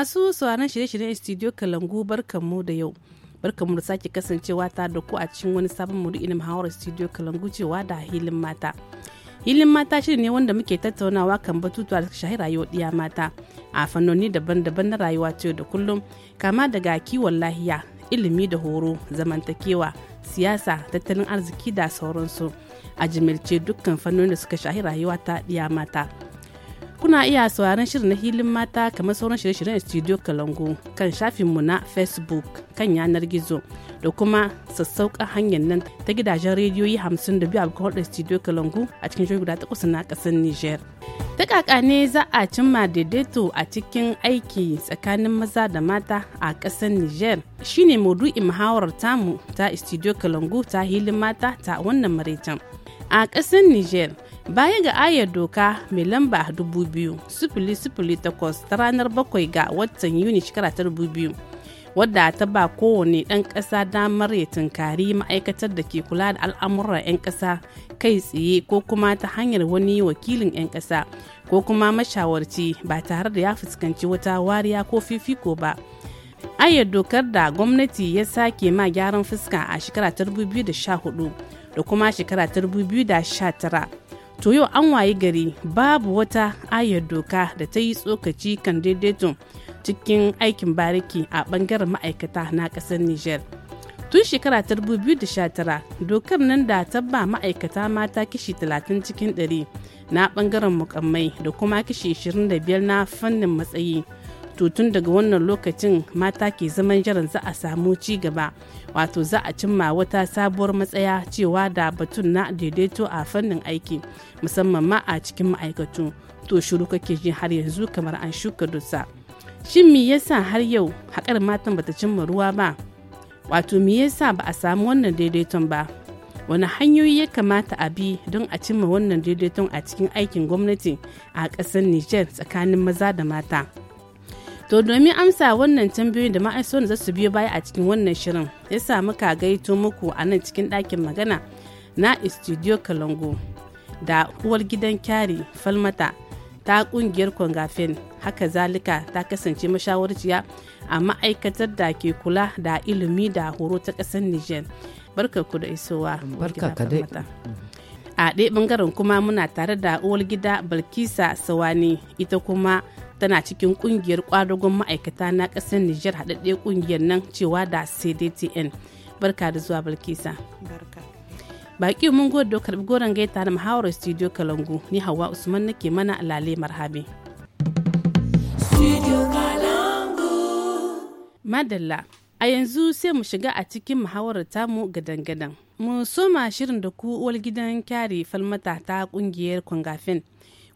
Masu sauraron shirye-shiryen studio Kalangu barkanmu da yau. Barkanmu da sake kasancewa ta da ku a cikin wani sabon maudu'i na muhawarar studio Kalangu cewa da hilin mata. Hilin mata shiri ne wanda muke tattaunawa kan batutuwa da shahi rayuwar ɗiya mata a fannoni daban-daban na rayuwa ce da kullum kama daga kiwon lahiya, ilimi da horo, zamantakewa, siyasa, tattalin arziki da sauransu. A jimilce dukkan fannoni da suka shahi rayuwa ta ɗiya mata. kuna iya sauraron shirin na hilin mata kamar sauran shirye-shiryen studio kalangu kan shafinmu na facebook kan yanar gizo da kuma sassauƙa hanyar nan ta gidajen rediyoyi 52 a hulɗar studio kalangu a cikin shirin guda takwas na ƙasar niger ta kaka ne za a cimma daidaito a cikin aiki tsakanin maza da mata a ƙasar niger shine maudu'in muhawarar tamu ta studio kalangu ta hilin mata ta wannan maraicen a ƙasar niger baya ga ayar doka mai lamba takwas ta ranar bakwai ga watan yuni shekara ta 2000 wadda ta ba kowane ɗan ƙasa damar ya tunkari ma'aikatar da ke kula da al'amuran 'yan ƙasa kai tsaye ko kuma ta hanyar wani wakilin 'yan ƙasa ko kuma mashawarci ba tare da ya fuskanci wata wariya ko fifiko ba ayar dokar da gwamnati ya sake ma gyaran fuska a shekara ta 2014 da kuma shekara ta 2019 to yau an waye gari babu wata ayar doka da ta yi tsokaci kan daidaito cikin aikin bariki a bangaren ma'aikata na kasar niger tun shekara ta 2019 dokar nan da ta ba ma'aikata mata kishi 30 cikin 100 na bangaren mukammai da kuma kishi 25 na fannin matsayi wato tun daga wannan lokacin mata ke zaman jiran za a samu ci gaba wato za a cimma wata sabuwar matsaya cewa da batun na daidaito a fannin aiki musamman ma a cikin ma'aikatu to shiru kake ji har yanzu kamar an shuka dutsa? shin me yasa har yau haƙar matan bata cimma ruwa ba wato me yasa ba a samu wannan daidaiton ba wani hanyoyi ya kamata a bi don a cimma wannan daidaiton a cikin aikin gwamnati a ƙasar Nijar tsakanin maza da mata To domin amsa wannan tambayoyin da ma'aikatan za su biyo baya a cikin wannan shirin ya sa muka gaito muku a nan cikin ɗakin magana na Studio Kalango da uwar gidan kyari Falmata ta kungiyar Kongafen haka zalika ta kasance mashawarciya a ma'aikatar da ke kula da ilimi da horo ta ƙasar Nijar. Barka ku da isowa. Barka ka A ɗaya ɓangaren kuma muna tare da uwar gida Balkisa Sawani ita kuma tana cikin kungiyar kwadagon ma'aikata na ƙasar Nijar haɗaɗɗe kungiyar nan cewa da CDTN. Barka da zuwa Balkisa. Baki mun karɓi goron gaita da muhawarar studio Kalangu ni Hawa Usman nake mana alale marhabi. Madalla a yanzu sai mu shiga a cikin muhawarar tamu gadan-gadan. Mu soma shirin da ku uwar gidan kyare falmata ta kungiyar Kwangafin.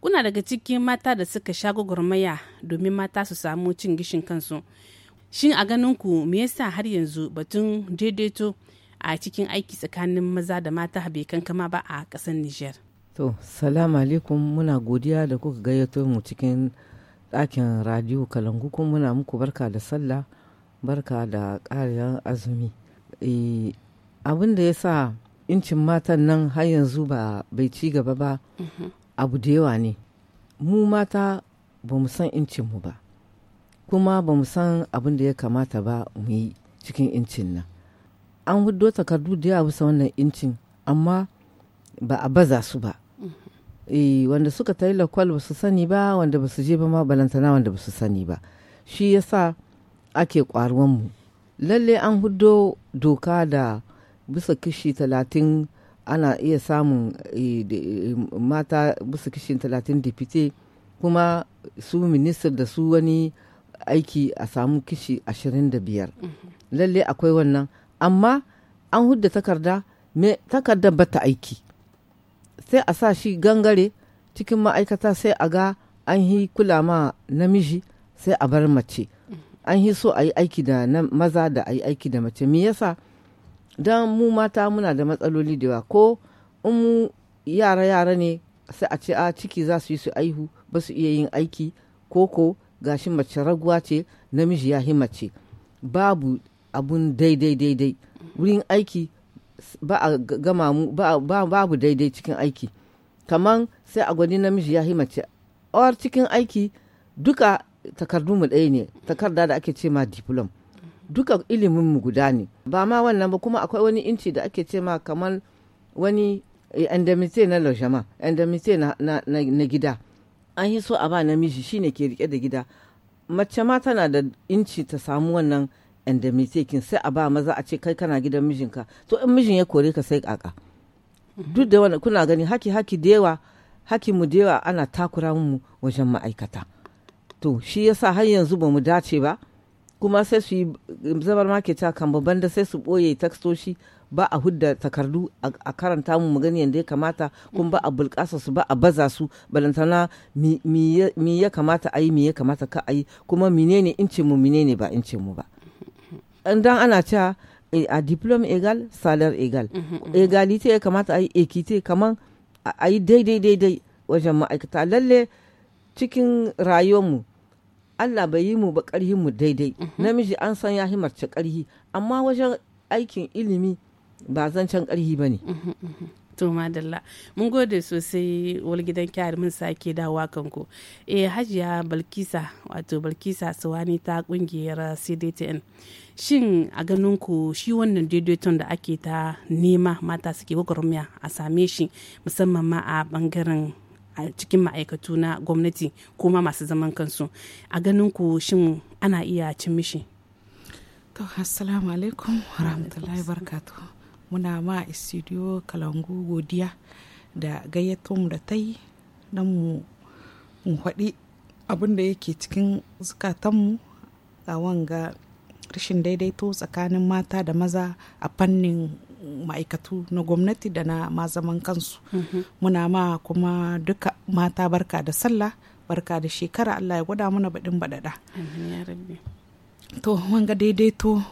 kuna daga cikin mata da suka sha gwagwarmaya domin mata su samu cin gishin kansu shin a ganin ku me yasa har yanzu batun daidaito a cikin aiki tsakanin maza da mata bai kankama ba a ƙasar niger to salamu alaikum muna godiya da kuka gayyato mu cikin ɗakin radiyo kalangu kuma muna muku barka da sallah barka da ƙariyar azumi e, abin da ya sa incin matan nan har yanzu ba bai ci gaba ba mhm. abu da yawa ne mu mata ba mu san mu ba kuma ba mu san abin da ya kamata ba mu yi cikin incin nan an hudo takardu da ya bisa wannan incin amma ba a baza su ba mm-hmm. eh, wanda suka ta yi lakwal ba su sani ba wanda ba su je ba ma balantana wanda ba su sani ba shi ya yasa ake mu lalle an hudo doka da bisa kishi talatin ana iya samun eh, mata bisa kishin talatin dipite kuma su minista da su wani aiki a samu kishi ashirin da biyar mhm. lalle akwai wannan amma an hudda takarda me takardar bata aiki sai a sa shi gangare cikin ma'aikata sai a ga an yi kula ma namiji sai a bar mace mhm. an yi so a yi aiki da maza da a yi aiki da mace me yasa don mu mata muna da matsaloli da yawa ko in mu yara-yara ne sai a ce a ah, ciki za su yi su aihu ba su iya yin aiki ko ko shi mace raguwa ce namiji ya mace babu abun daidai daidai wurin aiki ba a gama mu ba, babu daidai cikin aiki kaman sai a gwani namiji ya mace or cikin aiki duka takardu mu ɗaya ne takarda da ake ce ma diploma duka ilimin mu guda ne ba ma wannan ba kuma akwai wani inci da ake ce ma kamar wani endemite eh, na lojama endemite na, gida an yi so a ba namiji shine ke rike da gida mace ma tana da inci ta samu wannan endemite kin sai a ba maza a ce kai kana gidan mijinka to in mijin ya kore ka sai kaka duk da wannan kuna gani haki haki da yawa haki mu da yawa ana takura mu wajen ma'aikata to shi yasa har yanzu ba mu dace ba kuma sai su yi zabar market a kan babban da sai su ɓoye takstoshi ba a hudda takardu a karanta mu magani yadda ya kamata kuma ba a bulƙasa su ba a baza su balantana mi ya kamata a yi mi ya kamata ka a yi kuma menene in ce mu menene ba in mu ba dan ana cewa eh, a diplome egal salar egal egalite ya kamata a yi ekite kamar a yi daidai daidai wajen ma'aikata lalle cikin rayuwar mu. Allah bai yi mu ba ƙarhin mu daidai mhm. namiji an san ya himarci ƙarhi amma wajen aikin ilimi ba zan zancen ƙarhi ba ne mhm, mhm. to madalla mun gode sosai walgidan kyar mun sake dawowa kanku eh hajiya balkisa wato balkisa suwani ta kungiyar cdtn shin a ganin ku shi wannan daidaiton da ake ta nema mata suke gwagwarmaya a same shi musamman ma a bangaren a cikin ma'aikatu na gwamnati kuma masu zaman kansu a ganin ku shin ana iya cin mishi to assalamu alaikum rahmatullahi barkatu muna ma studio kalangu godiya da gayyato mu da ta yi don mu faɗi abin da yake cikin zukatanmu a wanga rashin daidaito tsakanin mata da maza a fannin ma'aikatu na gwamnati da na ma zaman kansu mhm. muna ma kuma duka mata barka da sallah barka da shekara allah ya gwada mana baɗin baɗaɗa to wanga daidaito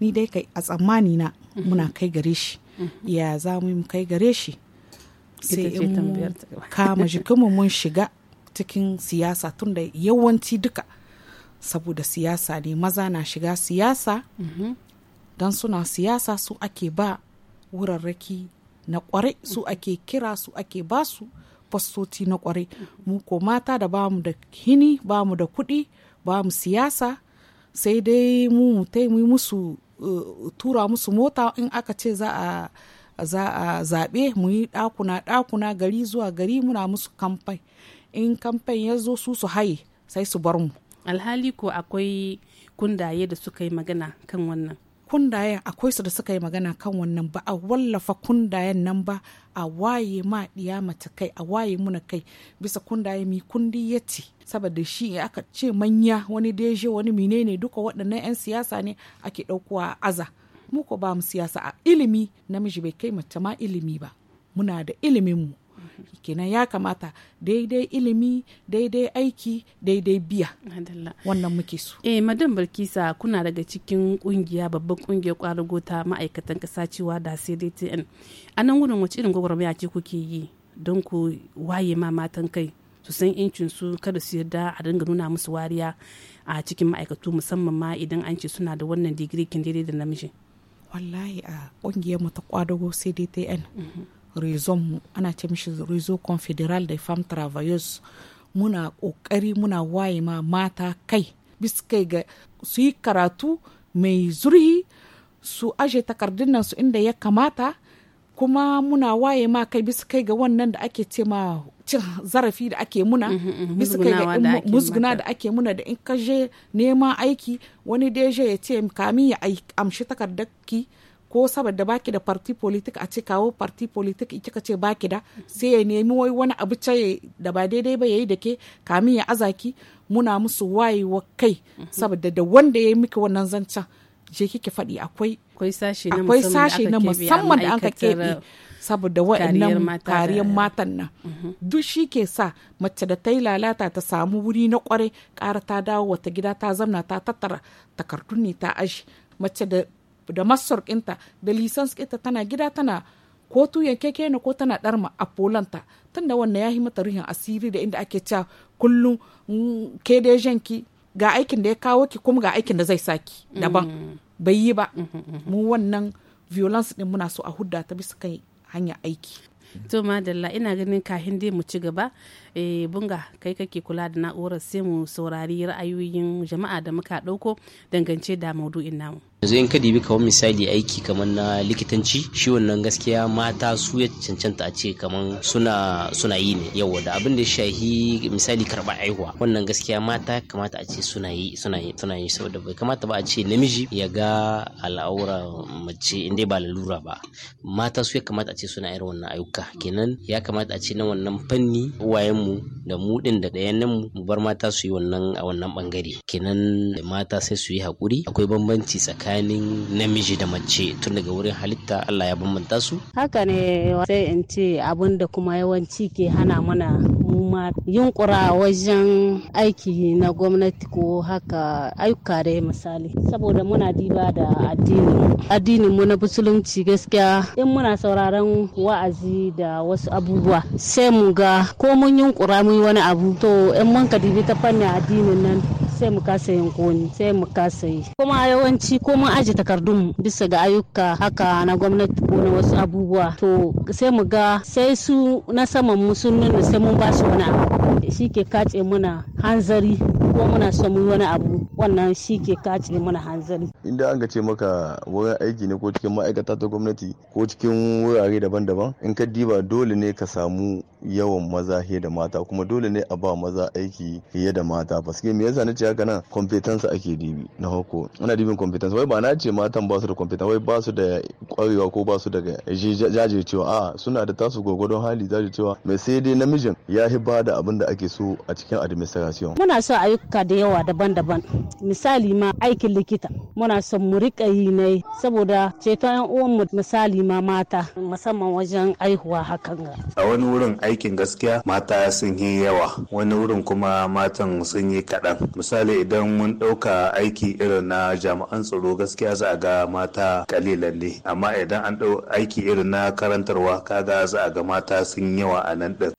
ni dai kai a tsammani na mhm. muna kai gare shi mhm. ya za mu yi kai gare shi sai in kama jikinmu mun shiga cikin siyasa tun da yawanci duka saboda siyasa ne maza na shiga siyasa don suna siyasa su ake ba wurarraki na kware su ake kira su ake ba su fastoci na kware mu ko mata da bamu da hini bamu da kuɗi bamu siyasa sai dai mu mu musu eh, tura musu mota in aka ce za a za a zaɓe mu yi ɗakuna ɗakuna gari zuwa gari muna musu kamfai in kamfai ya zo su su haye sai su bar mu alhali ko akwai kundaye da suka yi magana kan wannan kundayen akwai su da suka yi magana kan wannan ba a wallafa kundayen nan ba a waye ma diya mata kai a waye muna kai bisa kundaye mi kundi ya ce saboda shi aka ce manya wani deje wani menene duka waɗannan 'yan siyasa ne ake ɗaukowa aza mu ko ba mu siyasa a ilimi namiji bai kai mace ma ilimi ba muna da ilimin mu kenan ya kamata daidai ilimi daidai aiki daidai biya wannan muke su eh madam barkisa kuna daga cikin kungiya babban kungiyar kwarago ta ma'aikatan kasa cewa da cdtn a nan wurin wace irin gwagwarmaya ce kuke yi don ku waye ma matan kai su san incin su kada su yarda a dinga nuna musu wariya a cikin ma'aikatu musamman ma idan an ce suna da wannan digiri kin daidai da namiji wallahi a kungiyar mu ta kwadago cdtn rizon mu ana ce mishi rizo confederal da fam travailleurs muna kokari muna waye ma mata kai kai ga su yi karatu mai zurhi su aje takardun nan su inda ya kamata kuma muna waye ma kai bisa kai ga wannan da ake ce ma cin zarafi da ake muna mhm, mhm, kai ga musguna da ake muna da in ka je neman aiki wani da ya je ya ce kamin ya amshi takardarki ki ko saboda baki da parti politik a ce kawo parti politik ita ka ce baki da sai ya nemi wai wani abu ce da ba daidai ba yayi da ke kamin ya azaki muna musu wayewa kai saboda da wanda ya yi miki wannan zancen je kike faɗi akwai akwai sashe na musamman da an ka keɓe saboda waɗannan kariyar matan nan mhm. duk shi ke sa mace da ta yi lalata ta samu wuri na kwarai ƙara ta dawo wata gida ta zamna ta tattara takardun ne ta aji mace da da masar ɗinta da lisans kinta tana gida tana ko tuyan keke ko tana darma a polanta tunda wannan ya yi mata ruhin asiri da inda ake cewa kullum mm, ke da ki ga aikin da ya kawo ki kuma ga aikin da zai saki daban mm. bai yi ba mm, mu wannan violence din muna so a hudda ta bisa kai hanya aiki to madalla ina ganin kahin dai mu ci gaba e, bunga kai kake kula da na'urar sai mu saurari ra'ayoyin jama'a da muka dauko dangance da maudu'in namu yanzu in ka dibi kamar misali aiki kamar na likitanci shi wannan gaskiya mata su ya cancanta a ce kamar suna yi ne yawa da abin da shahi misali karba aihuwa wannan gaskiya mata kamata a ce suna yi suna yi suna yi saboda bai kamata ba a ce namiji ya ga al'aura mace inda ba lalura ba mata su ya kamata a ce suna yi wannan ayyuka kenan ya kamata a ce na wannan fanni uwayenmu da mu din da ɗayan mu bar mata su yi wannan a wannan bangare kenan mata sai su yi hakuri akwai bambanci tsakanin tsakanin namiji da mace tun daga wurin halitta Allah ya bambanta su haka ne sai in ce abin da kuma yawanci ke hana mana mu yunkura wajen aiki na gwamnati ko haka ayyuka dai misali saboda muna diba da addini addinin mu na musulunci gaskiya in muna sauraron wa'azi da wasu abubuwa sai mu ga ko mun yunkura mun wani abu to in mun ka dibi ta fannin addinin nan sai mu kasa yin koni sai mu kasa yi kuma yawanci ko mun aje takardun bisa ga ayyuka haka na gwamnati ko na wasu abubuwa to sai mu ga sai su na saman mu sun nuna sai mun ba su muna shi ke kace muna hanzari ko muna son mu wani abu wannan shi ke kace muna hanzari inda an ce maka wurin aiki ne ko cikin ma'aikata ta gwamnati ko cikin wurare daban-daban in ka diba dole ne ka samu yawan maza fiye da mata kuma dole ne a ba maza aiki fiye da mata paske me yasa nace haka nan competence ake dibi na hoko ana dibin competence wai ba na ce matan ba su da competence wai ba su da kwarewa ko ba su da jajircewa a suna da tasu gwagwadon hali jajircewa mai sai dai namijin ya yi ba da abin da ake so a cikin administration muna so ayyuka da yawa daban-daban misali ma aikin likita muna son mu rika yi ne saboda ceton yan uwan mu misali ma mata musamman wajen aihuwa hakan ga a wani wurin aiki aikin gaskiya mata sun yi yawa wani wurin kuma matan sun yi kaɗan misali idan mun ɗauka aiki irin na jami'an tsaro gaskiya za a ga mata kalilan ne amma idan an ɗau aiki irin na karantarwa kaga za a ga mata sun yawa a nan ɗin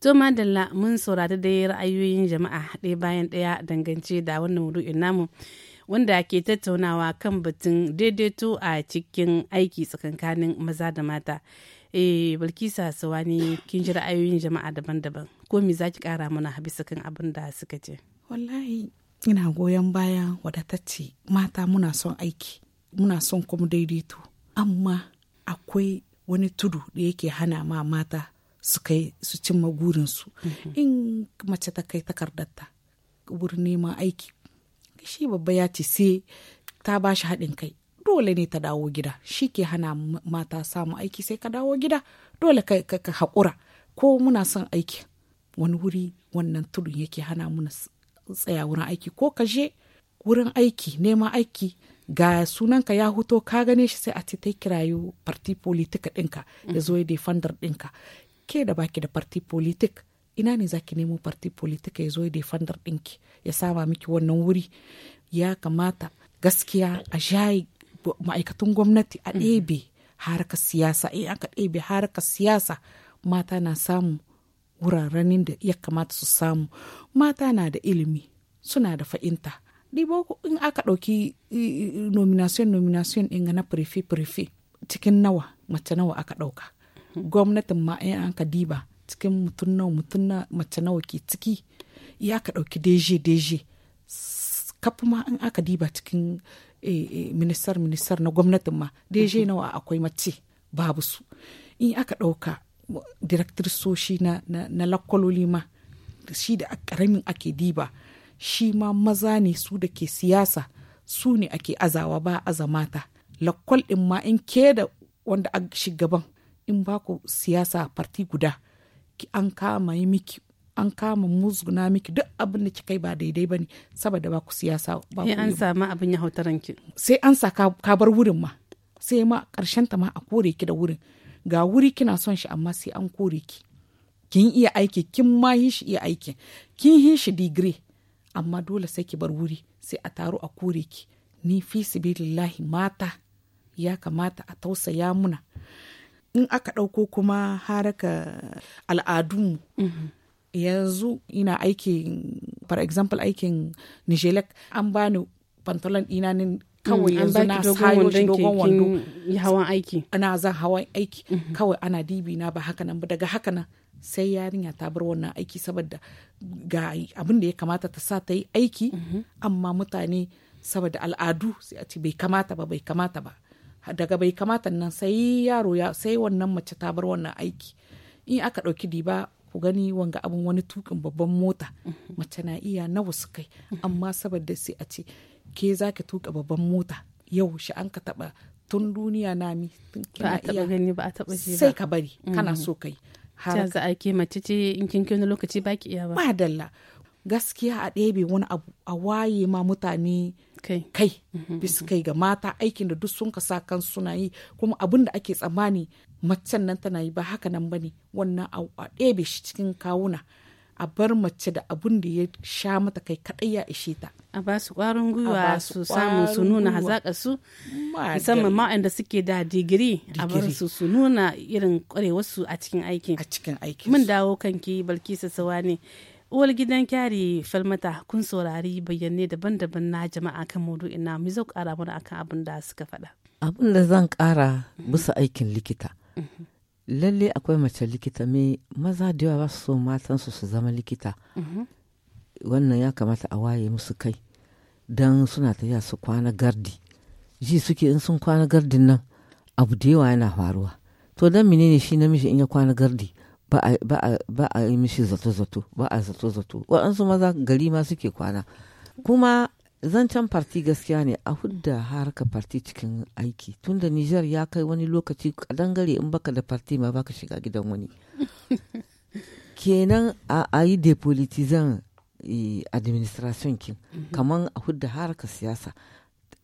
To Madalla mun saurari da ra'ayoyin jama'a ɗaya bayan ɗaya dangance da wannan wudu'in namu wanda ke tattaunawa kan batun daidaito a cikin aiki tsakankanin maza da mata. eh bilkisu hasuwa kin ji ra'ayoyin jama'a daban-daban ko me zaki kara mana Habisa kan abin da suka ce wallahi ina goyon baya wadatacce mata muna son aiki muna son kuma daidaito amma akwai wani tudu da yake hana ma mata su kai su cimma gurinsu mhm. in mace ta kai takardarta wurin neman aiki shi babba ya ce sai ta bashi haɗin kai dole ne ta dawo gida shi ke hana mata samu aiki sai ka dawo gida dole ka, ka, haƙura ko muna son aiki wani wuri wannan tudun yake hana muna tsaya wurin aiki ko ka je wurin aiki neman aiki ga sunanka ya huto ka gane shi sai a ce ta kirayo parti politika ɗinka ya zo ya defender ɗinka ke da baki da parti politik ina ne zaki nemo parti politika ya zo ya defender ɗinki ya sama miki wannan wuri ya kamata gaskiya a jayi ma'aikatan gwamnati a mm. ɗebe harkar siyasa in aka ɗebe harkar siyasa mata na samu wuraren da ya kamata su samu mata na da ilimi suna da fa'inta ɗibo in aka ɗauki nomination nomination ɗin na prefe prefe cikin nawa mace nawa aka ɗauka mm-hmm. gwamnatin ma in aka diba cikin mutum nawa mutum na mace nawa ke ciki ya ka ɗauki deje deje kafa ma in aka diba cikin Eh, eh, ministar ministar na gwamnatin ma deje mhm. nawa akwai mace babu su in aka ɗauka director soshi na, na, lakwaloli ma shi da ƙaramin ake diba shi ma maza ne su da ke siyasa su ne ake azawa ba aza mata lakwal ɗin ma in ke da wanda a shigaban. in ba ku siyasa farti guda ki an kama yi miki an kama musguna miki duk abin da kika yi ba daidai bane saboda ba ku siyasa ba sai an samu abin ya hauta ranki sai an sa ka bar wurin ma sai ma karshen ta ma a kore ki da wurin ga wuri kina son shi amma sai an kore ki kin iya aiki kin ma yi shi iya aiki kin yi shi digiri amma dole sai ki bar wuri sai a taro a kore ki ni fi sibilillahi mata ya kamata a tausaya muna in aka ɗauko kuma haraka al'adunmu mhm. yanzu ina aikin for example aikin nijelek an bani pantalon ina ne kawai mm, yanzu na sayo shi dogon wando hawan aiki ana zan hawan aiki mhm. kawai ana dibi na ba haka nan ba daga haka nan sai yarinya ta bar wannan aiki saboda ga abin da ya kamata ta sa ta yi aiki mhm. amma mutane saboda al'adu sai a ce bai kamata ba bai kamata ba daga bai kamata nan sai yaro ya sai wannan mace ta bar wannan aiki in aka ɗauki diba ku gani wanga abin wani tukin babban mota mace na iya nawa su kai amma saboda sai a ce ke za ka tuka babban mota yau shi an ka taba tun duniya na mi ba a taba gani ba a taba sai ka bari mm-hmm. kana so kai har za a ke mace ce in kin wani lokaci ba iya ba ba dalla gaskiya a ɗebe wani abu a waye ma mutane kai mhm, bis mhm. kai ga mata aikin da duk sun ka sa kan suna yi kuma abin da ake tsammani macen nan tana yi ba haka nan bane wannan a ɗebe shi cikin kawuna a bar mace da abun da ya sha mata kai kadai ya ishe ta a ba su kwarin gwiwa su samu su nuna hazaƙa su musamman ma'an da suke da digiri a bar su su nuna irin kwarewarsu a cikin aikin a cikin aikin mun dawo kanki balkisa sawa ne uwar gidan kyari falmata kun saurari bayanai daban-daban na jama'a kan mudu na mu zo kara mana akan abin da suka faɗa. abin da zan kara bisa aikin likita mhm. lalle akwai mace likita me maza da yawa ba su so matan su su zama likita mhm. wannan ya kamata a waye musu kai don suna ta tafiya su kwana gardi ji suke in sun kwana gardin nan abu da yawa yana faruwa to dan menene shi namiji in ya kwana gardi ba a yi mishi zato-zato ba a zato-zato waɗansu maza gari ma suke kwana kuma zancen farti gaskiya ne a hudda harka farti cikin aiki tunda nijar ya kai wani lokaci kadangare in baka da farti ma baka shiga gidan wani kenan a yi depolitizan e, administration kin mhm. kamar a hudda harka siyasa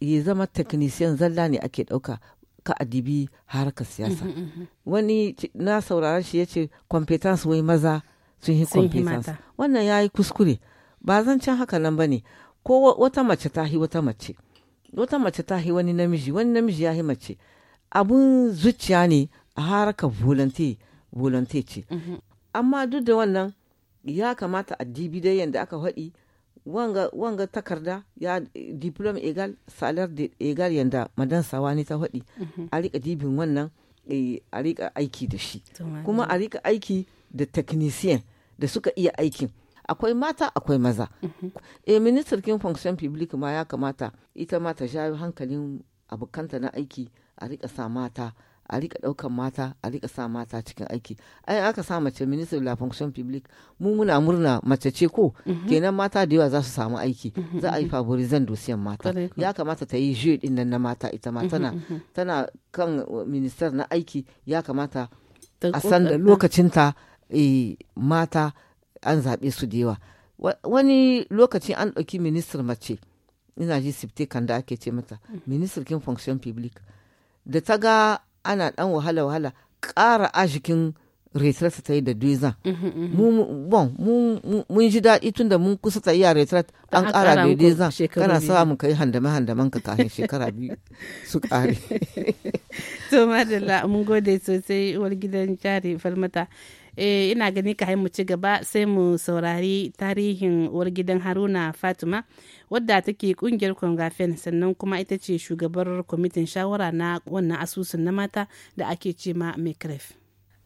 ya zama technician zalla ne ake ɗauka ka adibi harkar siyasa mhm, mhm, mhm. wani na sauraron shi ya ce competence wai maza sun yi competence wannan ya yi kuskure ba zan can haka nan ba ne ko wata mace ta hi wata mace wata mace ta hi wani namiji wani namiji ya hi mace abun zuciya ne a harkar volunteer ce amma duk da wannan ya kamata a dibi dai yadda aka faɗi wanga takarda ya diplom egal salar de egal yanda madan sawani ta faɗi mhm. a rika dibin wannan eh, a rika aiki da shi kuma a rika aiki da technician da suka iya aikin akwai mata akwai maza e minister kin function public ma ya kamata ita ma ta jawo hankalin abokanta na aiki a rika sa mata a rika daukan mata a rika sa mata cikin aiki ai aka sa mace minister la fonction publique mu muna murna mace ce ko mhm. kenan mata da yawa za su samu aiki mhm. za a yi favorizan dosiyan mata ya kamata ta yi jiyo din nan na mata ita ma mhm, tana tana kan minister na aiki ya kamata a san da lokacinta eh, mata an zaɓe su da yawa wani lokaci an ɗauki minister mace ina ji sifte kan da ake ce mata minister kin fonction public da ta ga ana dan wahala-wahala ƙara ashikin retret ta yi da duizan. Mhm, mhm. Bon, mun ji daɗi tun da mun kusa ta iya retret an ƙara da duizan kana sawa mu kai handame handaman ka kafin shekara biyu su ƙare. To madalla mun gode sosai uwar gidan jari falmata. Eh, ina gani ka mu ci gaba sai mu saurari tarihin uwar gidan haruna fatima wadda take kungiyar kongafen sannan kuma ita ce shugabar kwamitin shawara na wannan asusun na mata da ake ce ma mekref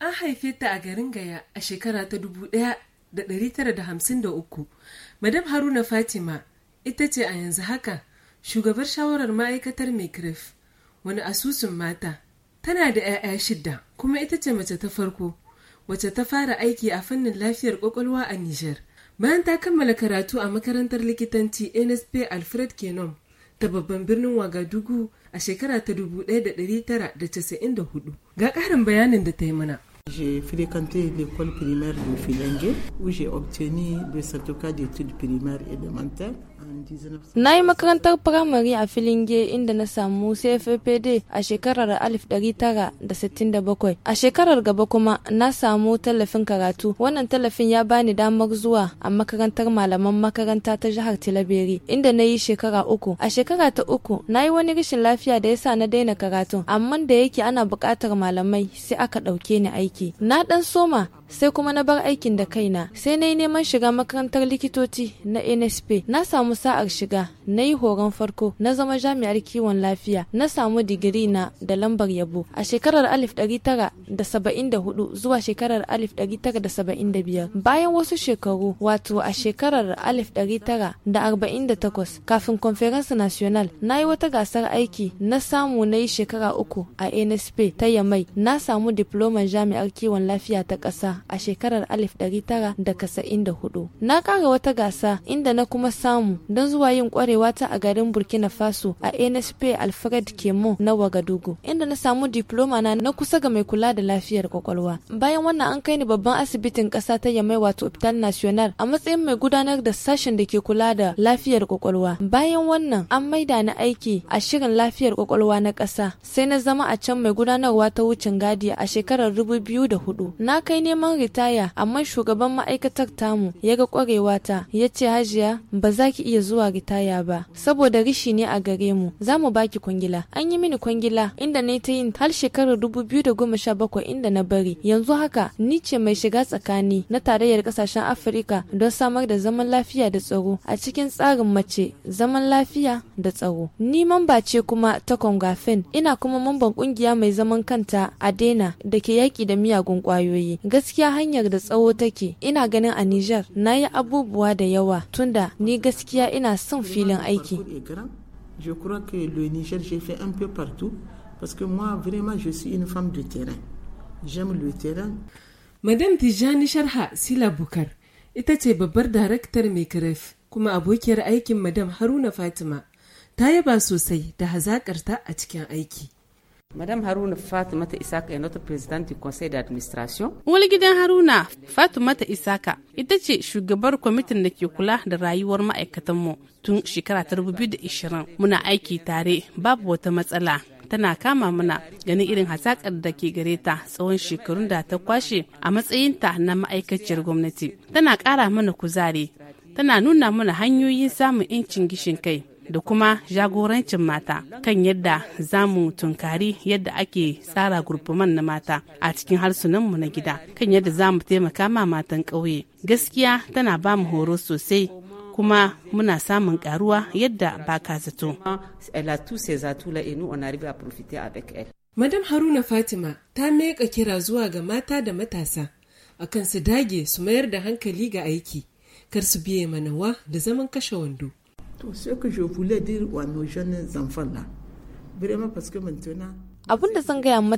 an haife ta a garin gaya a shekara ta 1953 madam haruna fatima ita ce a yanzu haka shugabar shawarar ma'aikatar maikiref wani asusun mata tana da 'ya'ya shidda kuma ita ce mace ta farko wacce ta fara aiki a fannin lafiyar kwakwalwa a Nijar. Bayan ta kammala karatu a makarantar likitanci NSP Alfred Kenom ta babban birnin Wagadugu a shekara ta 1994. Ga ƙarin bayanin da ta yi mana. J'ai fréquenté l'école primaire de Filengue où j'ai obtenu le certificat d'études primaires élémentaires. Na yi makarantar firamare a Filinge inda na samu CFPD a shekarar 1967. A shekarar gaba kuma na samu tallafin karatu. Wannan tallafin ya bani damar zuwa a makarantar malaman makaranta ta jihar Tilaberi inda na yi shekara uku. A shekara ta uku na yi wani rashin lafiya da ya sa na daina karatu amma da yake ana buƙatar malamai sai aka ɗauke ni aiki. Na ɗan soma sai kuma na bar aikin da kaina sai na yi neman shiga makarantar likitoci na nsp na samu sa'ar shiga na yi horon farko na zama jami'ar kiwon lafiya na samu digiri na da lambar yabo a shekarar 1974 zuwa shekarar 1975 bayan wasu shekaru wato a shekarar 1948 kafin conference national na yi wata gasar aiki na samu na yi shekara uku a nsp ta yamai na samu diploman jami'ar kiwon lafiya ta ƙasa a shekarar 1994 na ƙara wata gasa inda na kuma samu don zuwa yin ƙware karewa ta a garin Burkina Faso a NSP Alfred Kemo na Wagadugu inda na samu diploma na na kusa ga mai kula da lafiyar kwakwalwa. Bayan wannan an kai ni babban asibitin ƙasa ta Yamai wato Hospital National a matsayin mai gudanar da sashen da ke kula da lafiyar kwakwalwa. Bayan wannan an maida ni aiki a shirin lafiyar kwakwalwa na kasa sai na zama a can mai gudanarwa ta wucin gadi a shekarar dubu biyu da hudu Na kai neman ritaya amma shugaban ma'aikatar tamu ya ga kwarewa ta ya ce hajiya ba za ki iya zuwa ritaya ba saboda rishi ne a gare mu za mu baki kwangila an yi mini kwangila inda na ta yin har shekarar da goma sha bakwai inda na bari yanzu haka ni ce mai shiga tsakani na tarayyar kasashen afirka don samar da zaman lafiya da tsaro a cikin tsarin mace zaman lafiya da tsaro ni mamba ce kuma ta kongafen ina kuma mamban kungiya mai zaman kanta a dena da ke yaki da miyagun kwayoyi gaskiya hanyar da tsawo take ina ganin a niger na yi abubuwa da yawa tunda ni gaskiya ina son fili. filin aiki je crois que le Niger j'ai fait un peu partout parce que moi vraiment je suis une femme de terrain j'aime le terrain madame Tijani Sharha Sila Bukar ita ce babbar daraktar mai karef kuma abokiyar aikin madam Haruna Fatima ta yaba sosai da hazakarta a cikin aiki Madam Haruna Fatimata Isaka yanzu president du conseil d'administration. Wani gidan Haruna Fatimata Isaka ita ce shugabar kwamitin da ke kula da rayuwar ma'aikatanmu tun shekara ta 2020 muna aiki tare babu wata matsala. tana kama mana ganin irin hatsakar da ke gare ta tsawon shekarun da ta kwashe a matsayinta na ma'aikaciyar gwamnati tana kara mana kuzari tana nuna mana hanyoyin samun incin gishin kai da kuma jagorancin mata kan yadda za mu tunkari yadda ake tsara gurfuman na mata a cikin harsunanmu na gida kan yadda za mu taimaka ma matan ƙauye gaskiya tana ba mu horo sosai kuma muna samun karuwa yadda ba ka zato. Madam Haruna Fatima ta meka kira zuwa ga mata da matasa akan su dage su mayar da hankali ga aiki kar su biye manawa da zaman kashe wando. To que je voulais dire à nos jeunes enfants là. Vraiment parce que maintenant abin da zan gaya mu,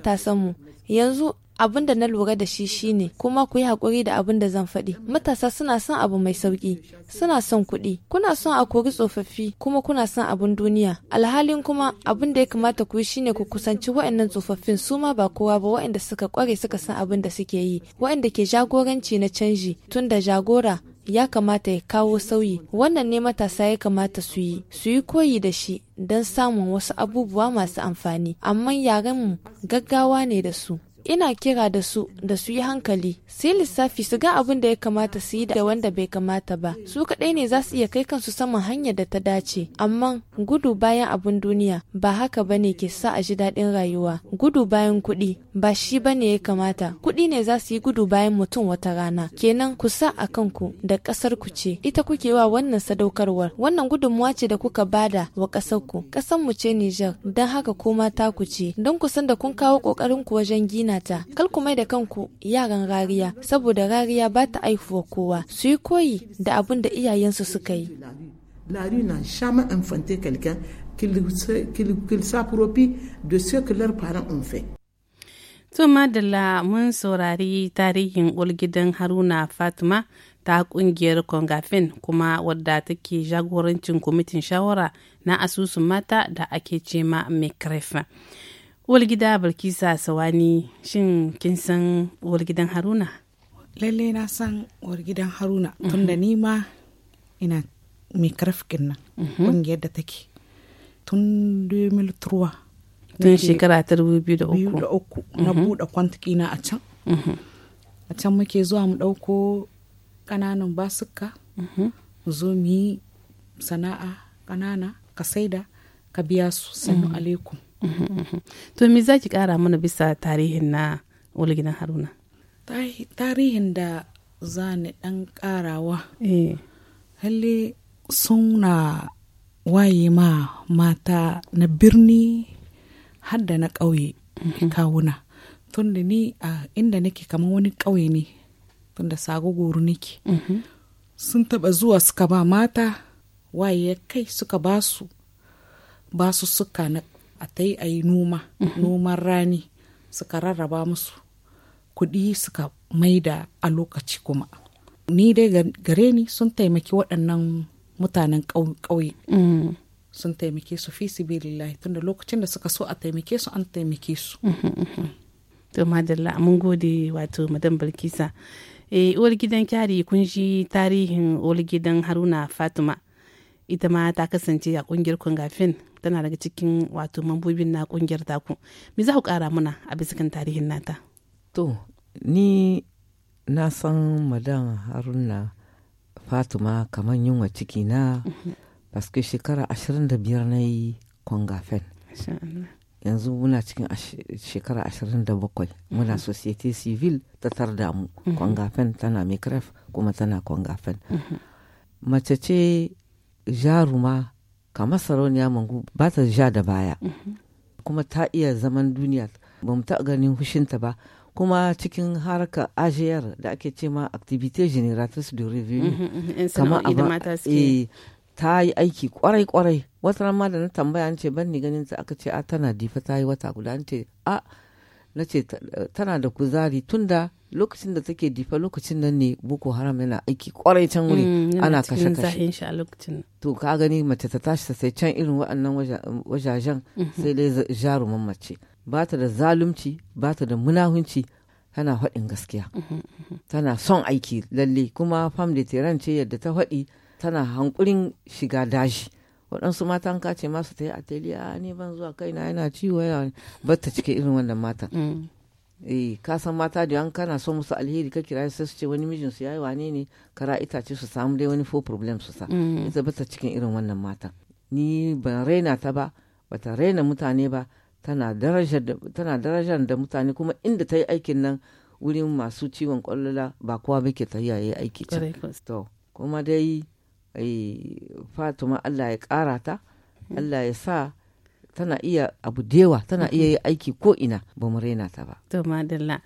yanzu abin da na lura da shi shine kuma ku yi haƙuri da abin da zan faɗi matasa suna son abu mai sauki suna son kuɗi kuna son a kori tsofaffi kuma kuna son abin duniya alhalin kuma abin da ya kamata ku yi shine ku kusanci waɗannan tsofaffin su ma ba kowa ba waɗanda suka kware suka san abin da suke yi waɗanda ke jagoranci na canji tun da jagora ya kamata ya kawo sauyi wannan ne matasa ya kamata su yi su yi koyi da shi don samun wasu abubuwa masu amfani amma yaren mu gaggawa ne da su ina kira da su da su yi hankali Sai lissafi su ga abin da ya kamata su yi da wanda bai kamata ba su kaɗai ne za su iya kai kansu saman hanyar da ta dace amma gudu bayan abin duniya ba haka ba ne ke sa a ji daɗin rayuwa gudu bayan kuɗi ba shi ba ne ya kamata kuɗi ne za su yi gudu bayan mutum wata rana kenan ku sa a kanku da ƙasar ku ce ita kuke wa wannan sadaukarwar wannan gudunmuwa ce da kuka bada wa ƙasar ku ƙasar mu ce Nijar don haka ko ta ku ce don ku san da kun kawo ƙoƙarin ku wajen gina ina ta kal ku mai da kanku yaran rariya saboda rariya ba ta aifuwa kowa su yi koyi da abin da iyayensu suka yi La rue n'a jamais enfanté quelqu'un de ce que leurs parents ont fait. To Madalla mun saurari tarihin ulgidan Haruna Fatima ta kungiyar Kongafin kuma wadda take jagorancin kwamitin shawara na asusun mata da ake cema mekrefa. Walgida Bilkisa Sawani shin kin san walgidan Haruna? Lalle na san walgidan Haruna tunda ni ma ina mai karfikin nan mhm. ƙungiyar da take tun 2003. Tun shekara ta 2003. Na mhm. buɗe kwantiki na a can. Mhm. A can muke zuwa mu ɗauko ƙananan basuka. Mu zo mu yi sana'a ƙanana ka saida ka biya su sannu alaikum. to me za ki kara mana bisa tarihin na wulginan haruna tarihin da za ni dan karawa halle eh. suna waye ma mata na birni hadda na ƙauye mhm. kawuna tunda ni a inda nake kamar wani ƙauye ne tunda sagogoro nake mhm. sun taɓa zuwa suka ba mata waye kai suka basu basu suka na a ta yi a yi noma mhm. noman rani suka rarraba musu kuɗi suka maida a lokaci kuma ni dai gare ni sun taimaki waɗannan mutanen ƙauye mm. sun taimake su fi sibilillahi tunda lokacin da suka so a taimake su an taimake su mhm, mhm. to madalla mun gode wato madan bilkisa eh uwar gidan kyari kun ji tarihin uwar gidan haruna fatima ita ma ta kasance a kungiyar kungafin tana daga cikin wato mambobin na kungiyar taku me za ku kara muna a bisikan tarihin nata to ni na san madan haruna fatima kamar yunwa ciki na baske mhm. shekara ashirin biyar na yi kwangafen yanzu muna cikin shekara ashirin da bakwai. muna mhm. societe civil ta tar mu mhm. kwangafen tana mikref kuma tana kwangafen mace ce jaruma kamar sarauniya mangu ba ta ja da baya kuma ta iya zaman duniya ba mu ta ganin hushinta ba kuma cikin harka ajiyar da ake ce ma activité generatrice de revenu mhm, mhm, kamar eh, ta yi aiki kwarai kwarai wata ma da na tambaya an ce ban ni ganin ta aka ce a tana difa ta yi wata guda an ce a na ce eh, tana da kuzari tunda lokacin da take difa lokacin nan ne boko haram yana aiki kwarai can wuri mm, ana kashe kashe to ka gani mace ta tashi sai can irin waɗannan wajajen mhm. sai dai jaruman mace ba ta da zalunci ba ta da munahunci tana haɗin gaskiya mhm, mhm. tana son aiki lalle kuma fam da ce yadda ta faɗi tana hankulin shiga daji waɗansu matan ka ce masu ta yi atelier a ah, ne ban zuwa kaina yana ciwo yana batta cikin irin wannan matan mm. eh ka san mata da an kana so musu alheri ka kira sai su ce wani mijin su yayi wane ne kara itace su samu dai wani fo problem su sa mm. ita batta cikin irin wannan matan ni ban raina ta ba bata raina mutane ba tana darajar da mutane kuma inda ta yi aikin nan wurin masu ciwon kwallola ba kowa ba ke ta yi aiki kuma dai fatima allah ya ƙara ta allah ya sa tana iya abu dewa tana iya yi aiki ko ina ba mu raina ta ba. To madalla.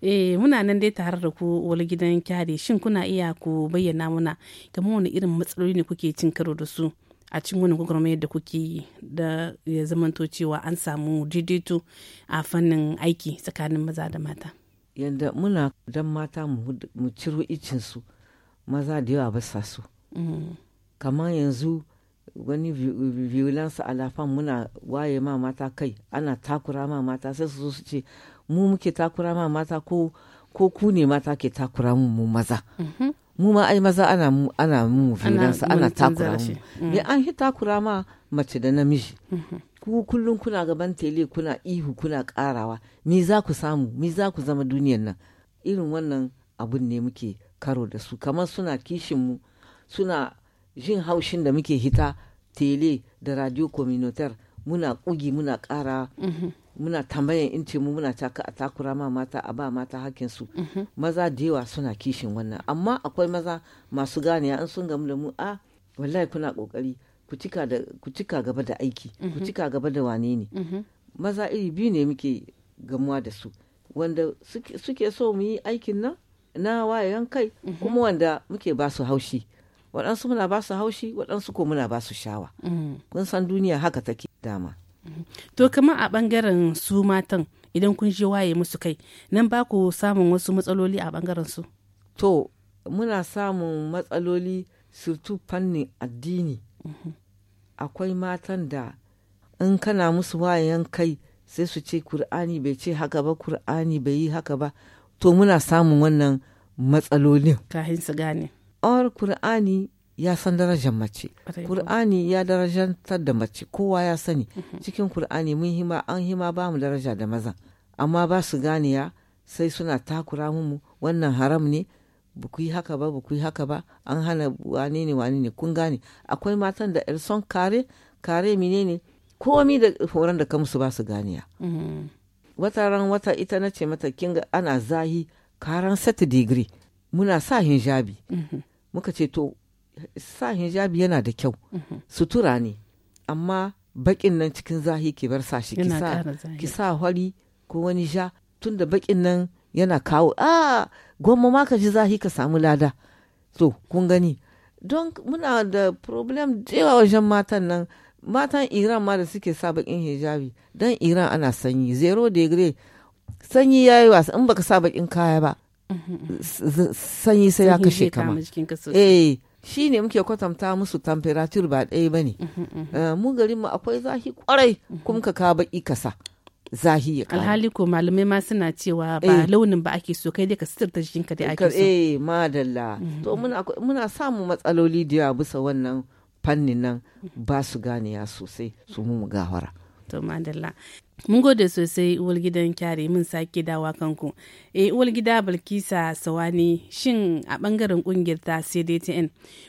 Eh muna nan dai tare da ku wani gidan kyare shin kuna iya ku bayyana muna kamar wani irin matsaloli ne kuke cin karo da su a cikin wani gwagwarmayar yadda kuke yi da ya zamanto cewa an samu daidaito a fannin aiki tsakanin maza da mata. Yanda muna dan mata mu ciro icinsu maza da yawa ba sa so. kamar yanzu wani violence alafan muna waye ma mata kai ana takura ma mata sai su zo su ce mu muke takura ma mata ko ko ku ne mata ke takura mu mu maza mhm. mu ma ai maza ana mu ana mu violence ana takura mu me an hi takura ma mace da namiji mhm. ku kullun kuna gaban tele kuna ihu kuna karawa me za ku samu me za ku zama duniyan nan irin wannan abun ne muke karo da su kamar suna kishin mu suna jin haushin da muke hita tele da radio communautaire muna kugi muna kara mhm. muna tambayan inci mu muna taka a takura ma mata a ba mata hakin su mhm. maza da yawa suna kishin wannan amma akwai maza masu gane an sun gamu da mu a ah, wallahi kuna kokari ku cika gaba da aiki ku mhm. cika gaba da wane ne maza iri biyu ne muke gamuwa da su wanda suke so mu yi aikin nan na wayan kai kuma wanda muke ba su haushi waɗansu muna ba su haushi waɗansu ko muna ba su shawa mm. kun san duniya haka take dama mm-hmm. to kamar a ɓangaren su matan idan kun je waye musu kai nan ba ku samun wasu matsaloli a ɓangaren su to muna samun matsaloli surtu fannin addini mm-hmm. akwai matan da in kana musu wayan kai sai su ce kur'ani bai ce haka ba kur'ani bai yi haka ba to muna samun wannan matsalolin kahin su gane or kur'ani ya san darajar mace kur'ani ya darajantar da mace kowa ya sani mhm. cikin kur'ani mun hima an hima ba mu daraja da maza amma ba su ganiya sai suna takura mu wannan haram ne ba ku yi haka ba ba ku yi haka ba an hana wane ne wane ne kun gane akwai matan da irson son kare kare mine ne komi da horon da kamsu ba su ganiya mhm. wata ran wata ita na ce mata kinga ana zahi karan set digiri muna sa hijabi mhm. muka ce to sa hijabi yana da kyau mhm. sutura ne amma bakin nan cikin zahi ke bar sa shi ki sa hwari ko wani ja da bakin nan yana kawo a gwamma ma ka ji zahi ka samu lada to kun gani don muna da problem jewa wajen matan nan matan iran ma da suke sa bakin hijabi don iran ana sanyi zero degree sanyi ya yi wasa in baka sa bakin kaya ba sanyi sai ya kashe kama eh shi ne muke kwatanta musu temperature ba ɗaya ba ne mm-hmm, mm-hmm. Eh, mu akwai zahi kwarai mm-hmm. kuma ka ka baƙi kasa zahi ya kare alhali ko malamai ma suna cewa ba eh. launin ba ake so kai dai ka da jikinka dai ake so eh madalla to muna muna samun matsaloli da yawa bisa wannan fannin nan ba su ganiya sosai su mu gawara wato madalla mun gode sosai uwal gidan kyare mun sake dawa kanku eh uwal gida bilkisa sawani shin a bangaren kungiyar ta cdtn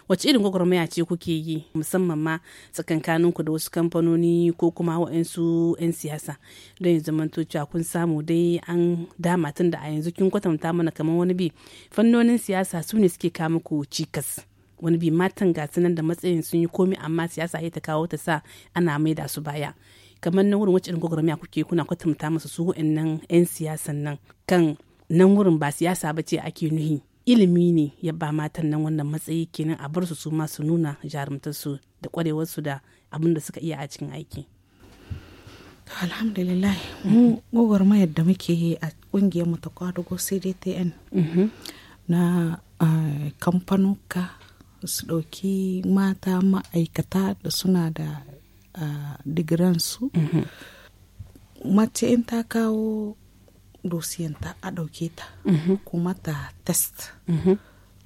wace irin gwagwarmaya ce kuke yi musamman ma tsakankanin ku da wasu kamfanoni ko kuma wa'ansu 'yan siyasa don yanzu zamanto cewa kun samu dai an dama tun da a yanzu kin kwatanta mana kamar wani bi fannonin siyasa su ne suke kawo muku cikas wani bi matan gasu nan da matsayin sun yi komi amma siyasa ya ta kawo ta sa ana maida su baya kamar nan wurin wacce irin a kuke kuna kwatanta masu su wa'annan 'yan siyasan nan kan nan wurin ba siyasa ba ce ake nuhi ilimi ne ya ba matan nan wannan matsayi kenan a bar su su masu nuna jarumtarsu da kwarewarsu da abin da suka iya a cikin aiki alhamdulillah mu gwagwarmayar da muke yi a kungiyar mu ta kwadugo cdtn mm-hmm. na kamfanuka su ɗauki mata ma'aikata da suna da a digiransu mhm. mace in ta kawo dosiyanta a ɗauke ta mhm. kuma ta test mhm.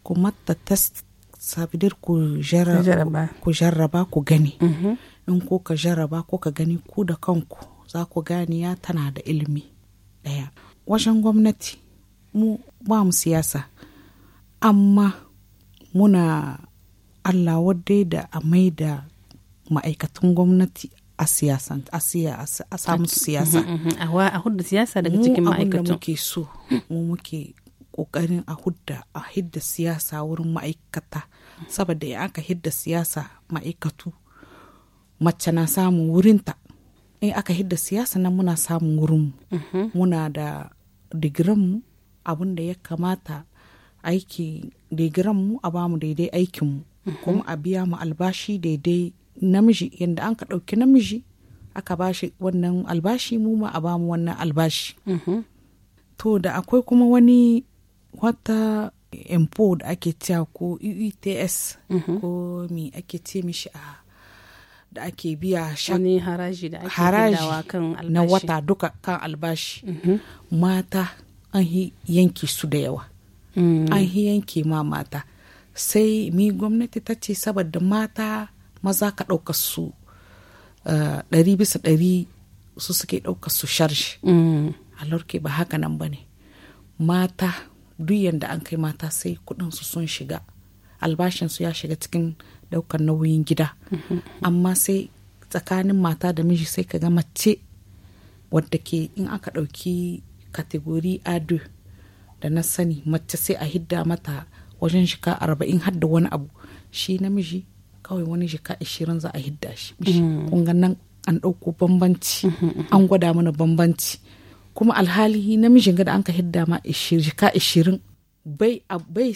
kuma ta test sabidir ku jarraba ku gani in ko ka jarraba ko ka gani ku da kanku za ku gani ya tana da ilimi ɗaya wajen gwamnati mu ba mu siyasa amma muna allah wadda da a da. ma'aikatan gwamnati a siyasan a samun siyasa mm-hmm, mm-hmm. a hudda siyasa daga cikin ma'aikatan mu muke so mu muke kokarin a hudda a hidda siyasa wurin ma'aikata saboda ya aka hidda siyasa ma'aikatu mace na samun wurinta in aka hidda siyasa nan muna samun wurin mm-hmm. muna da digiranmu abin da ya kamata aiki digiranmu a bamu daidai aikinmu kuma a biya mu albashi daidai namiji yadda an ka ɗauki namiji aka bashi wannan albashi mu ma a bamu wannan albashi mhm. to da akwai kuma wani wata impo da ake cewa ko uets mhm. ko mi ake ce mishi a da ake biya wani haraji da ake haraji na wata duka kan albashi mhm. mata an yi yanke su da yawa mm. an yi yanke ma mata sai mi gwamnati ta ce saboda mata maza ka ɗauka su eh, ɗari bisa ɗari su suke ɗauka su sharshi mm. a lorke ba haka nan ba ne mata duk yadda an kai mata sai su sun shiga albashin su ya shiga cikin ɗaukar nauyin gida mm-hmm. amma sai tsakanin mata da miji sai ka ga mace wadda ke in aka ɗauki kategori ado da na sani mace sai a hidda mata wajen shiga arba'in har da wani abu shi namiji kawai wani jika ashirin za a hidda shi mm. kun nan an ɗauko bambanci mm, mm, an gwada mana bambanci kuma alhali namijin gada an ka hidda ma jika ashirin bai bai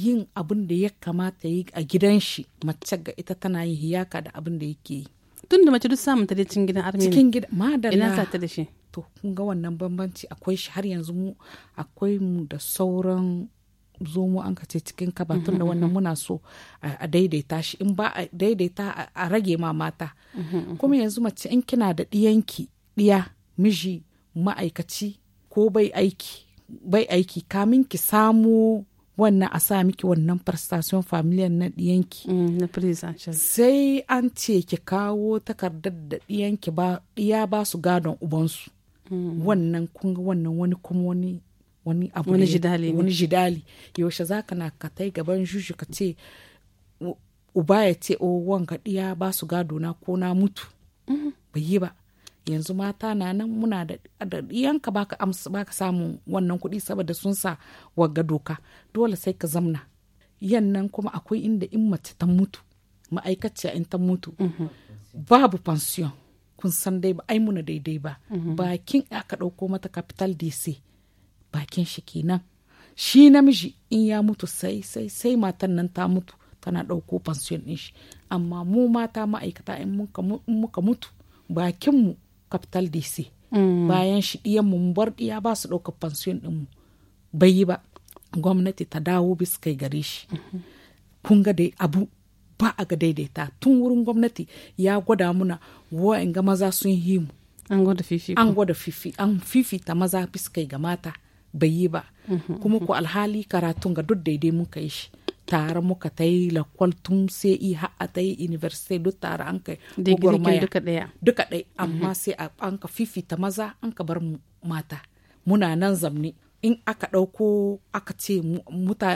yin abin da ya kamata yi a gidan shi mace ga ita tana yin hiyaka da abin da yake yi tun da mace duk samun ta cikin gidan armeni cikin gida madalla ina sa ta da shi to kun ga wannan bambanci akwai shi har yanzu mu akwai mu da sauran zo mu an kace cikin kaba mhm, tun da mhm. wannan muna so a daidaita shi in ba a daidaita a rage ma mata mhm, kuma yanzu mace in kina da ɗiyanki ɗiya miji ma'aikaci ko bai aiki bai aiki kamin ki samu wannan a sa miki wannan prestation familiyan na ɗiyanki mm, sai an ce ki kawo takardar da ɗiyanki ba ɗiya ba su gadon ubansu mm. wannan kun wannan wani kuma wani wani abu wani wani jidali yaushe zaka na ka gaban juju ka ce uba ya ce o oh, wanga diya ba su gado na ko na mutu mhm. bai yi ba yanzu mata na nan muna da ka baka amsa baka samu wannan kuɗi saboda sun sa wagga doka dole sai ka zamna yannan kuma akwai inda in mace ta mutu ma'aikaciya in ta mutu mhm. babu pension kun san dai ba ai muna daidai ba mhm. bakin aka ɗauko mata capital dc bakin shi kenan shi namiji in ya mutu sai sai sai matan nan ta mutu tana ɗauko fansiyon ɗin shi amma mu mata ma'aikata in muka mutu bakinmu capital dc mm. bayan shi ɗiyan mu bar ɗiya ba su ɗaukar fansiyon mu. bai yi ba gwamnati ta dawo bisa kai gare shi kun ga dai abu ba a ga daidaita tun wurin gwamnati ya gwada muna wa'in ga maza sun yi mu an gwada fifi an ta maza bisa kai ga mata bai yi ba mhm, kuma mhm. ku alhali karatun ga duk daidai muka yi shi tare muka ta yi lakwal tun sai yi ha'a ta yi universite duk tare an kai yi duka daya duka daya amma mhm. sai an ka fifita maza an ka bar mata muna nan zamne in aka ɗauko aka ce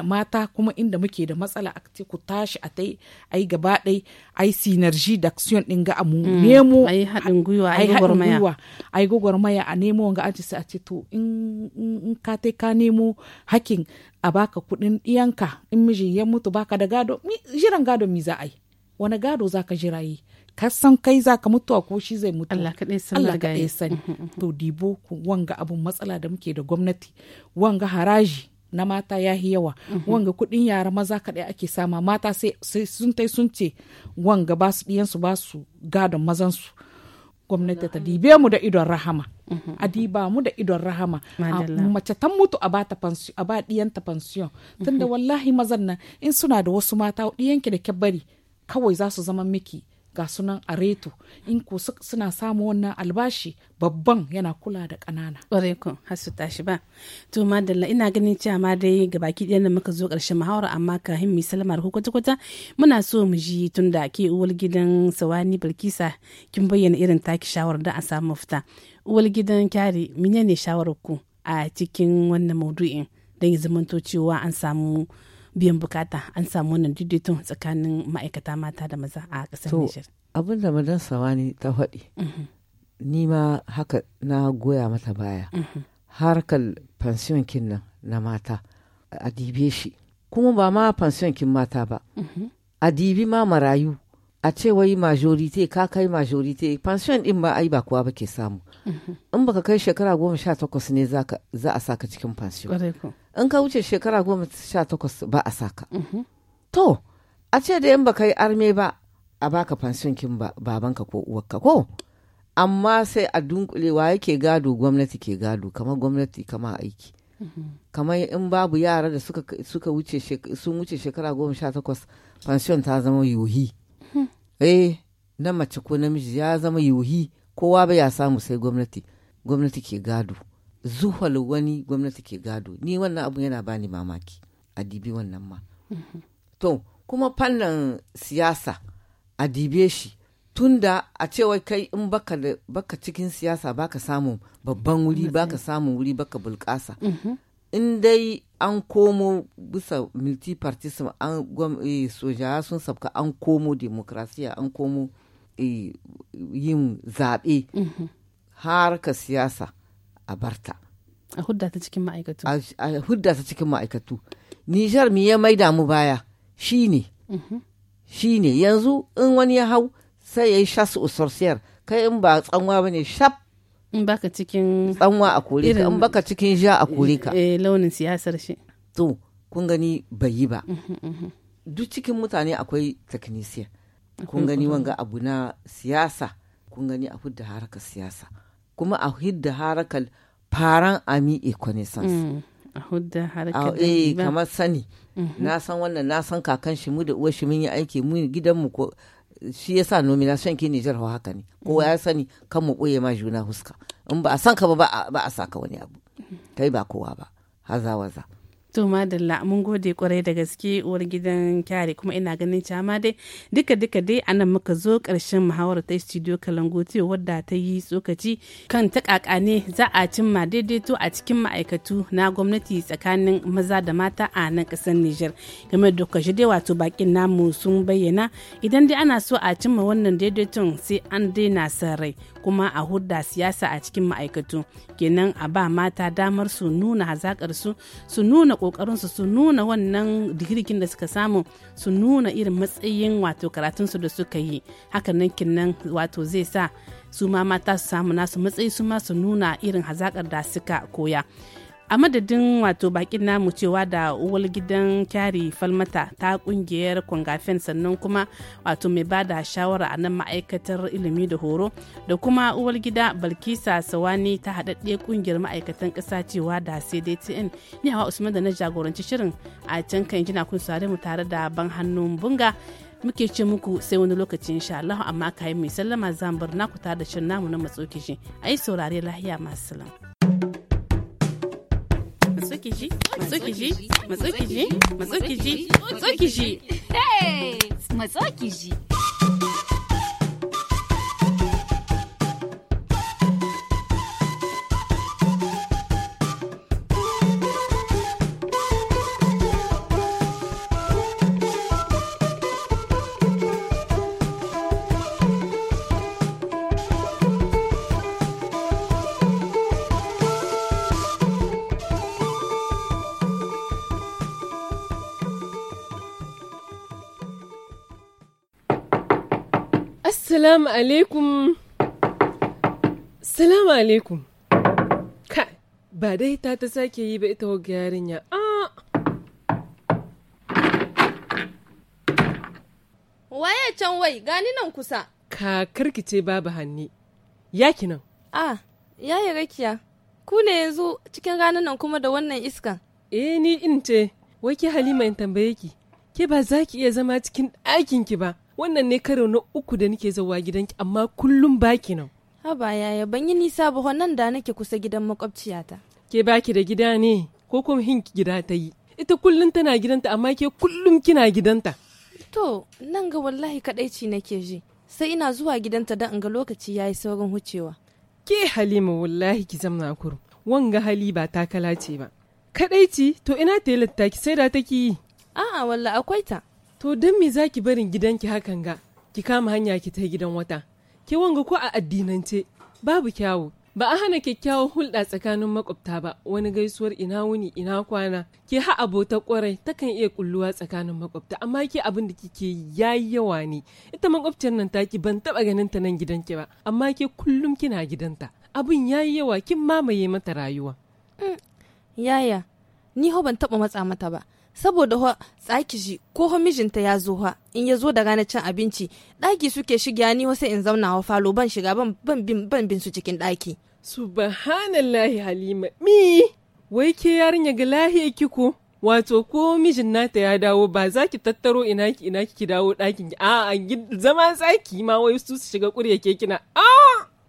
mata kuma inda muke da matsala aka ce ku tashi a tai a yi gaba ɗai a yi sinarji da action ɗin ga a mu mm, nemo a yi haɗin gwiwa a yi gwagwarmaya a gwagwarmaya a nemo wanga aji sai a ce to in ka tai ka nemo hakin a baka kuɗin ɗiyanka in miji ya mutu baka da gado jiran gado mi za a yi wani gado za ka jira yi ka san kai za ka mutuwa ko shi zai mutu Allah kaɗai ɗaya sani mm, mm, mm, to dibo wanga abun matsala da muke da gwamnati wanga haraji na mata ya yi yawa mm-hmm. wanga kuɗin yara maza kaɗai ake sama mata sai sun tai sun ce wanga ba su ɗiyansu ba su gadon mazansu gwamnati ta dibe mu da idon rahama mm-hmm. a diba mu da idon rahama mace ta mutu a bata a ba ɗiyanta fansiyon mm-hmm. tunda wallahi mazan nan in suna da wasu mata ɗiyanki da kyabari kawai za su zama miki ga sunan areto in ko suna samu wannan albashi babban yana kula da ƙanana. Ƙwarai kun hasu tashi ba. To madalla ina ganin cewa ma dai ga baki ɗaya muka zo ƙarshen muhawara amma ka himmi salama ko kwata kwata muna so mu ji tun da ke uwar gidan Sawani Bilkisa kin bayyana irin taki shawarar da a samu mafita. uwal gidan kyari menene shawarar ku a cikin wannan maudu'in don ya zamanto cewa an samu biyan bukata an samu wannan daidaito tsakanin ma'aikata mata da maza a ƙasar Nijar. Abin da madan Sawani ta faɗi. Mhm. Ni ma haka na goya mata baya. Mhm. Harkar fansiyon kin nan na mata a dibe shi. Kuma ba ma fansiyon kin mata ba. Mhm. A dibi ma marayu. a ce wai majorite ka kai majorite pension din ba ai ba kowa ba ke samu in baka kai shekara goma sha takwas ne za a saka cikin pension in ka wuce shekara goma sha takwas ba a ka. Mhm. to a ce da yan ba ka yi arme ba a baka fansonkin babanka ko uwarka ko amma sai a dunkulewa yake gado gwamnati ke gado kamar gwamnati kama aiki mhm. kamar in babu yara da suka wuce sun wuce shekara goma sha takwas fansiyon ta zama yohi hmm. eh na mace ko namiji ya zama yohi kowa ba ya samu sai gwamnati gwamnati ke gado zuhal wani gwamnati ke gado ni wannan abu yana bani mamaki a dibi wannan ma mhm. to kuma fannin siyasa a dibe shi tunda a cewa kai in baka, cikin siyasa baka samu babban wuri baka samu wuri baka bulkasa mhm. in dai an komo bisa partisan an eh, soja sun sabka an komo demokrasiya an komo eh, yin zaɓe mm -hmm. siyasa a barta a hudda ta cikin ma'aikatu a hudda ta cikin ma'aikatu nijar mi ya maida mu baya mhm. Shi ne. yanzu in wani ya hau sai ya yi shas usursiyar, kai in ba tsanwa ne shaf in baka cikin tsanwa a kore ka in baka cikin ja a kore ka eh launin siyasar shi to kun gani bai yi ba mhm, mhm. duk cikin mutane akwai technician kun gani wanga abu na siyasa kun gani a hudda harkar siyasa kuma a hidda harakal faran ami econisans mm, a hudda eh kamar sani mhm. na san wannan na san kakan shi mu da uwar shi mun yi aiki mu gidan mu ko shi ya sa yasa nomination ki Nijar haka ne kowa ya sani kan mu boye ma juna huska in ba a san ka ba ba a ka wani abu mhm. kai ba kowa ba haza waza to madalla mun gode kwarai da gaske uwar gidan kyare kuma ina ganin cewa ma dai duka duka dai anan muka zo karshen muhawar ta studio kalangote wadda ta yi tsokaci kan taƙaƙa ne za a cimma daidaito a cikin ma'aikatu na gwamnati tsakanin maza da mata a nan kasar Nijar game da kashi dai wato bakin namu sun bayyana idan dai ana so a cimma wannan daidaiton sai an daina sa rai kuma a hudda siyasa a cikin ma'aikatu kenan a ba mata damar su nuna hazakar su su nuna kokarin su nuna wannan digirgin da suka samu su nuna irin matsayin wato karatun su da suka yi hakan nan kinnan wato zai sa su ma mata su samu nasu matsayi su ma su nuna irin hazakar da suka koya a madadin wato bakin namu cewa da uwar gidan kyari falmata ta kungiyar kwangafen sannan kuma wato mai ba da shawara a nan ma'aikatar ilimi da horo da kuma uwal gida balkisa sawani ta haɗaɗɗe kungiyar ma'aikatan ƙasa cewa da cdtn ni hawa usman da na jagoranci shirin a can kan jina kun sare mu tare da ban hannun bunga muke ce muku sai wani lokaci insha Allah amma ka yi mai sallama zan bar naku tare da shirin namu na matsokishi ai saurare lahiya masu salam. Masukiji, Masukiji, Masukiji, Masukiji, Masukiji. Hey! Masukiji. Salamu alaikum. Salamu alaikum. Ka, ba dai ta ta sake yi ba ita wagga yarinya. Ah. Waye can wai gani nan kusa. Ka ce babu hanni. Yaki nan. Ah, yi rakiya. Ku ne yanzu cikin ranar nan kuma da wannan iska. Eh ni in ce, wai ke Halima in tambaye ki. Ke ba za ki iya zama cikin ɗakin ki ba. wannan ne karo na uku da nake zawa ki, amma kullum baki nan haba yaya ban yi nisa ba nan da nake kusa gidan makwabciyata ke baki da gida ne ko kuma hin gida ta yi ita kullum tana gidanta amma ke kullum kina gidanta to nan ga wallahi kadaici nake ji sai ina zuwa gidanta dan in ga lokaci yayi saurin hucewa ke halima wallahi ki zamna kuru wanga hali ba takala ce ba kadaici to ina ta yi ki, sai da take yi a'a walla akwai ta to don me zaki barin gidanki hakan ga ki kama hanya ki ta gidan wata ki wanga ko a addinance babu kyawu ba a hana kyakkyawar hulɗa tsakanin makwabta ba wani gaisuwar ina wuni ina kwana ke ha abota kwarai takan iya kulluwa tsakanin makwabta amma ke abin da kike yayi yawa ne ita makwabciyar nan taki ban taɓa ganin ta nan gidanki ba amma ke kullum kina gidanta abin yayi yawa kin mamaye mata rayuwa mm, yaya ni ho ban taɓa matsa mata ba saboda wa tsaki shi ko ho mijinta ya zo ha in ya zo da ranar cin abinci ɗaki suke shiga ni wasu in zauna wa falo ban shiga ban bin su cikin ɗaki. subhanallahi halima mi wai ke yarinya ga lahiyar kiko wato ko mijin nata ya dawo ba za ki tattaro ina ki ina ki dawo ɗakin ki a'a zama tsaki ma wai su su shiga ƙurya ke kina a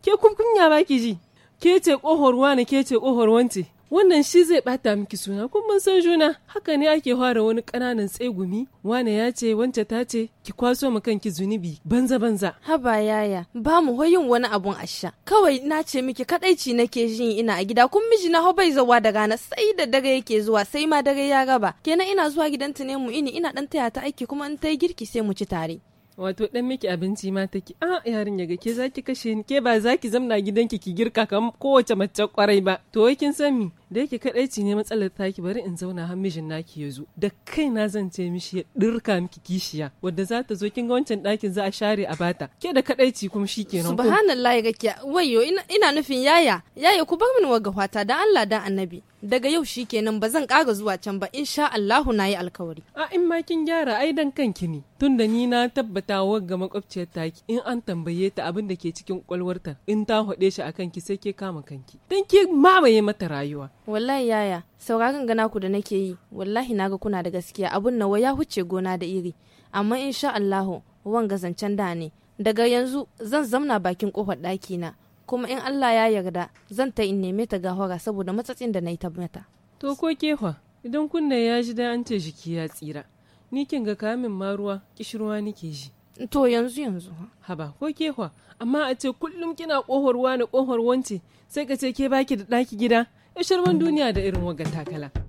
ke kun kunya ba ki ji ke ce ƙohorwa na ke ce ƙohorwanci wannan shi zai bata miki suna kun mun san juna haka ne ake fara wani kananan tsegumi wane ya ce wance ta ce ki kwaso mu kanki zunubi banza banza haba yaya ba mu hoyin wani abun asha kawai na ce miki kadaici nake jin ina a gida kun miji na bai zawa da rana sai da dare yake zuwa sai ma dare ya raba kenan ina zuwa gidanta ne mu ini ina dan taya ta aiki kuma in ta girki sai mu ci tare wato dan miki abinci ma take a yarin yaga ke zaki kashe ni ke ba zaki zamna gidanki ki girka kam kowace mace kwarai ba to wai kin san mi da yake kadaici ne matsalar taki bari in zauna har mijin naki ya zo da kaina zan ce mishi ya dirka miki kishiya wadda za ta zo kin ga wancan dakin za a share a bata ke da kadaici kuma shikenan subhanallahi gakiya wayo ina nufin yaya yaya ku bar min waga fata dan Allah dan annabi daga yau shi kenan ba zan ƙara zuwa can ba insha Allahu na yi alkawari. A in ma kin gyara ai dan kanki ne tun da ni na tabbata ga makwabciyar taki in an tambaye ta abin da ke cikin kwalwarta in ta haɗe shi akan ki sai ke kama kanki dan ki mamaye mata rayuwa. Wallahi yaya sauraron gana ku da nake yi wallahi naga kuna da gaskiya abun nawa ya huce gona da iri amma insha Allahu wanga zancen da ne daga yanzu zan zamna bakin kofar ɗakina. kuma in Allah ya yarda zan ta in neme ta gahora saboda matsatsin da na yi mata. To ko kehwa idan kunne ya ji dai an ce jiki ya tsira ni kin ga kamin ma ruwa kishirwa nike ji. To yanzu yanzu. Haba ko kehwa amma a ce kullum kina kohorwa na kohor wance sai ka ce ke baki da ɗaki gida ya sharman duniya da irin wagan takala.